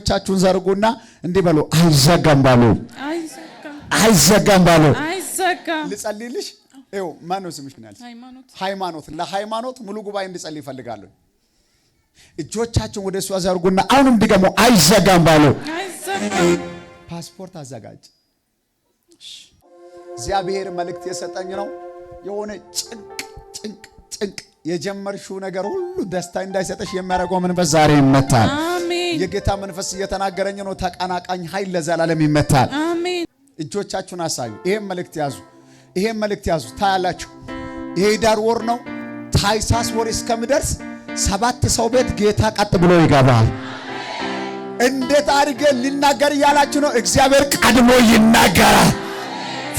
እጆቻችሁን ዘርጉና እንዲህ በሉ። አይዘጋም ባሉ አይዘጋም ባሉ ልጸልይልሽ። ይኸው ማነው ስምሽ? ሃይማኖት። ለሃይማኖት ሙሉ ጉባኤ እንድጸልይ ይፈልጋሉ። እጆቻችሁን ወደ እሷ ዘርጉና አሁንም ድገሙ። አይዘጋም ባሉ ፓስፖርት አዘጋጅ። እግዚአብሔር መልእክት የሰጠኝ ነው የሆነ ጭንቅ ጭንቅ ጭንቅ የጀመርሽው ነገር ሁሉ ደስታ እንዳይሰጥሽ የሚያደርገው መንፈስ ዛሬ ይመታል። የጌታ መንፈስ እየተናገረኝ ነው። ተቀናቃኝ ኃይል ለዘላለም ይመታል። እጆቻችሁን አሳዩ። ይሄን መልእክት ያዙ። ይሄን መልእክት ያዙ። ታያላችሁ። ይሄ ዳር ወር ነው። ታይሳስ ወር እስከምደርስ ሰባት ሰው ቤት ጌታ ቀጥ ብሎ ይገባል። እንዴት አድርጌ ሊናገር እያላችሁ ነው። እግዚአብሔር ቀድሞ ይናገራል።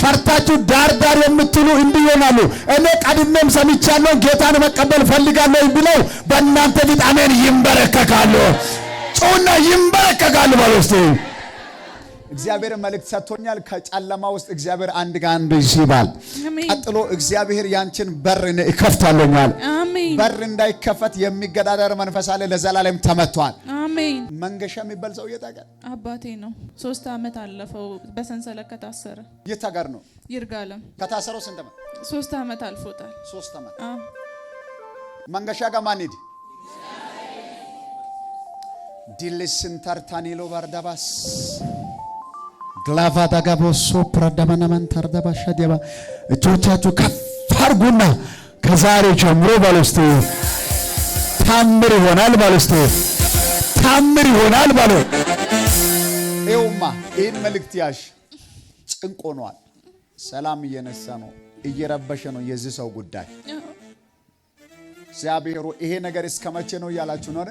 ፈርታችሁ ዳር ዳር የምትሉ እንዲህ ይሆናሉ። እኔ ቀድሜም ሰምቻለሁ፣ ጌታን መቀበል ፈልጋለሁ ብለው በእናንተ ፊት አሜን ይንበረከካሉ። ጩና ይንበረከካሉ ባለስ እግዚአብሔር መልእክት ሰጥቶኛል። ከጨለማ ውስጥ እግዚአብሔር አንድ ጋር አንድ ይባል። ቀጥሎ እግዚአብሔር ያንቺን በር ይከፍታለኛል። በር እንዳይከፈት የሚገዳደር መንፈስ አለ፣ ለዘላለም ተመቷል። አሜን። መንገሻ የሚባል ሰውዬ ታውቃለህ? አባቴ ነው። ሶስት አመት አለፈው በሰንሰለት ከታሰረ። የት ነው? ይርጋለም። ከታሰረው ስንት አመት? ሶስት አመት አልፎታል። ሶስት አመት። መንገሻ ጋር ማን ሄድ? ዲልስን ታርታኒሎ ባርዳባስ ግላቫ ዳጋቦ ሶፕራ ዳመናመን ታርዳባሻ እጆቻችሁ ከፍ አድርጉና ከዛሬ ጀምሮ ባለስቴ ታምር ይሆናል ባለስቴ ታምር ይሆናል ባለ ይኸውማ ይህን መልእክት ያሽ ጭንቅ ሆኗል። ሰላም እየነሳ ነው፣ እየረበሸ ነው የዚህ ሰው ጉዳይ። እግዚአብሔሩ ይሄ ነገር እስከ መቼ ነው እያላችሁ ነው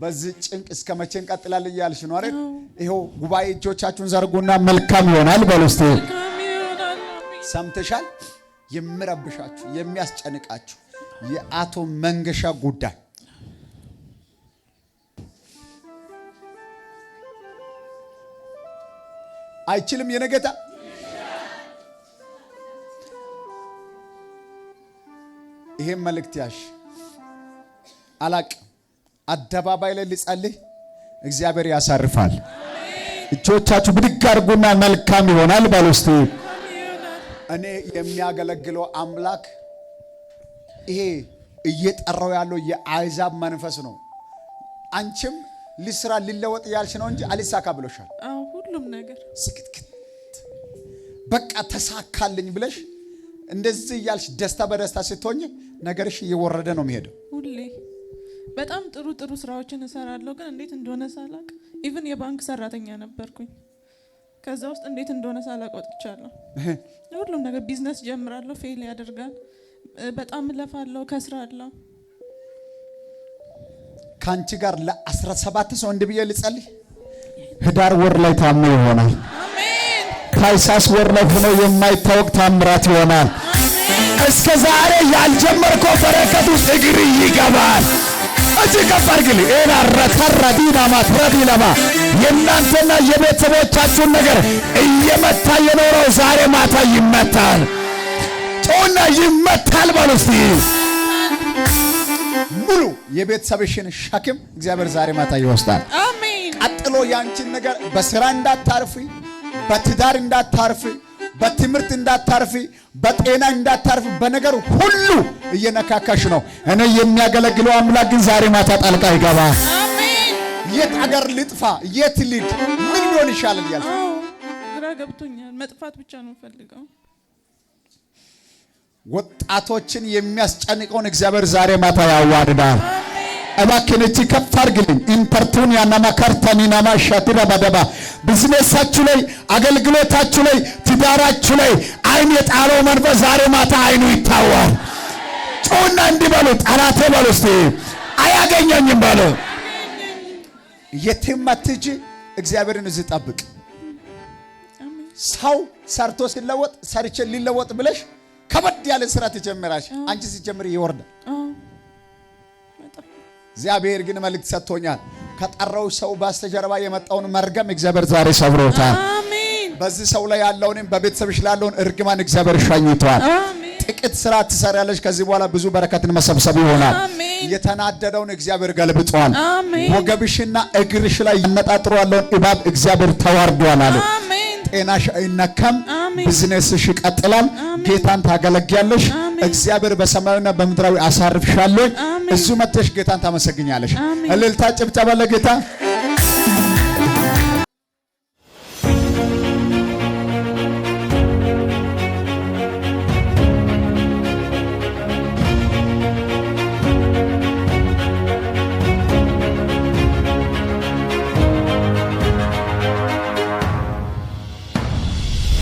በዚህ ጭንቅ እስከ መቼ እንቀጥላል እያልሽ ነው ይኸው ጉባኤ እጆቻችሁን ዘርጉና መልካም ይሆናል በሉ ሰምተሻል? የሚረብሻችሁ የሚያስጨንቃችሁ የአቶ መንገሻ ጉዳይ አይችልም? የነገታ ይሄን መልእክት ያሽ አላቅ አደባባይ ላይ ልጸልይ፣ እግዚአብሔር ያሳርፋል። እጆቻችሁ ብድግ አድርጉና መልካም ይሆናል ባል ውስጥ እኔ የሚያገለግለው አምላክ ይሄ እየጠራው ያለው የአይዛብ መንፈስ ነው። አንቺም ልስራ ልለወጥ ያልሽ ነው እንጂ አልሳካ ብሎሻል። ሁሉም ነገር ስክትክት በቃ ተሳካልኝ ብለሽ እንደዚህ እያልሽ ደስታ በደስታ ስትሆኝ ነገርሽ እየወረደ ነው የሚሄደው። ሁሌ በጣም ጥሩ ጥሩ ስራዎችን እሰራለሁ፣ ግን እንዴት እንደሆነ ሳላቅ ኢቭን የባንክ ሰራተኛ ነበርኩኝ። ከዛ ውስጥ እንዴት እንደሆነ ሳላቅ ወጥቻለሁ። ሁሉም ነገር ቢዝነስ ጀምራለሁ፣ ፌል ያደርጋል። በጣም እለፋለሁ፣ ከስራለሁ። ከአንቺ ጋር ለአስራ ሰባት ሰው እንድ ብዬ ልጸልይ ህዳር ወር ላይ ታሞ ይሆናል። ታኅሳስ ወር ላይ ሆኖ የማይታወቅ ታምራት ይሆናል። እስከ ዛሬ ያልጀመርከው በረከት ውስጥ እግር ይገባል። እጅ ከፍ አድርግልኝ። ኤና ረተረዲ ናማ ትረዲ ለማ የእናንተና የቤተሰቦቻችሁን ነገር እየመታ የኖረው ዛሬ ማታ ይመታል። ጮና ይመታል። ባሉስቲ ሙሉ የቤተሰብሽን ሸክም እግዚአብሔር ዛሬ ማታ ይወስዳል። አሜን። ቀጥሎ ያንቺን ነገር በስራ እንዳታርፊ፣ በትዳር እንዳታርፊ፣ በትምህርት እንዳታርፊ፣ በጤና እንዳታርፊ፣ በነገር ሁሉ እየነካካሽ ነው። እኔ የሚያገለግለው አምላክ ግን ዛሬ ማታ ጣልቃ ይገባ። የት አገር ልጥፋ፣ የት ልድ ምን ሊሆን ይሻላል ያልሽ? ግራ ገብቶኛል። መጥፋት ብቻ ነው ፈልገው ወጣቶችን የሚያስጨንቀውን እግዚአብሔር ዛሬ ማታ ያዋርዳል። እባክን እጅ ከፍ አድርግልኝ። ኢምፐርቱን ያናማ ካርታኒናማ ሻቲራ ባደባ ቢዝነሳችሁ ላይ አገልግሎታችሁ ላይ ትዳራችሁ ላይ አይን የጣለው መንፈስ ዛሬ ማታ አይኑ ይታዋል። ጮና እንዲበሉ ጠላቴ በሉ እስቲ አያገኘኝም በሉ። የትም አትሂጂ፣ እግዚአብሔርን እዚህ ጠብቅ። ሰው ሰርቶ ሲለወጥ ሰርቼ ሊለወጥ ብለሽ ከበድ ያለ ስራ ትጀምራሽ። አንቺ ሲጀምር ይወርዳል እግዚአብሔር ግን መልእክት ሰጥቶኛል። ከጠራው ሰው በስተጀርባ የመጣውን መርገም እግዚአብሔር ዛሬ ሰብሮታል። በዚህ ሰው ላይ ያለውንም በቤተሰብሽ ላለውን እርግማን እግዚአብሔር ሻኝቷል ጥቂት ስራ ትሰሪያለሽ። ከዚህ በኋላ ብዙ በረከትን መሰብሰብ ይሆናል። የተናደደውን እግዚአብሔር ገልብጧል። ወገብሽና እግርሽ ላይ ይነጣጥሩ ያለውን እባብ እግዚአብሔር ተዋርዷል አለ። ጤናሽ አይነካም። ቢዝነስሽ ይቀጥላል። ጌታን ታገለግያለሽ። እግዚአብሔር በሰማያዊና በምድራዊ አሳርፍሻለሁ። እዚህ መጥተሽ ጌታን ታመሰግኛለሽ። እልልታ ጭብጨባ ለጌታ